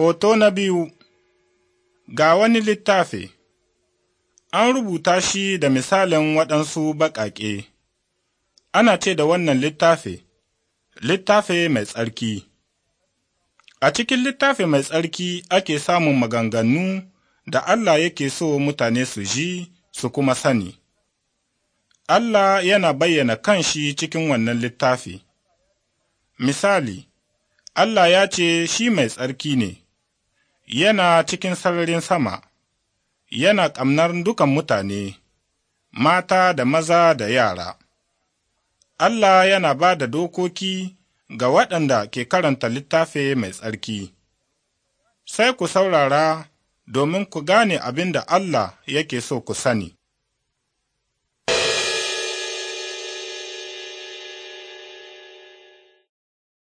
Hoto na biyu Ga wani littafi An rubuta shi da misalin waɗansu baƙaƙe, ana ce da wannan littafi, littafi mai tsarki. A cikin littafi mai tsarki ake samun maganganu da Allah yake so mutane su ji su kuma sani. Allah yana bayyana kanshi cikin wannan littafi. Misali, Allah ya ce shi mai tsarki ne. yana cikin sararin sama, yana ƙamnar dukan mutane, mata da maza da yara. Allah yana ba da dokoki ga waɗanda ke karanta littafi mai tsarki. Sai ku saurara domin ku gane abin da Allah yake so ku sani.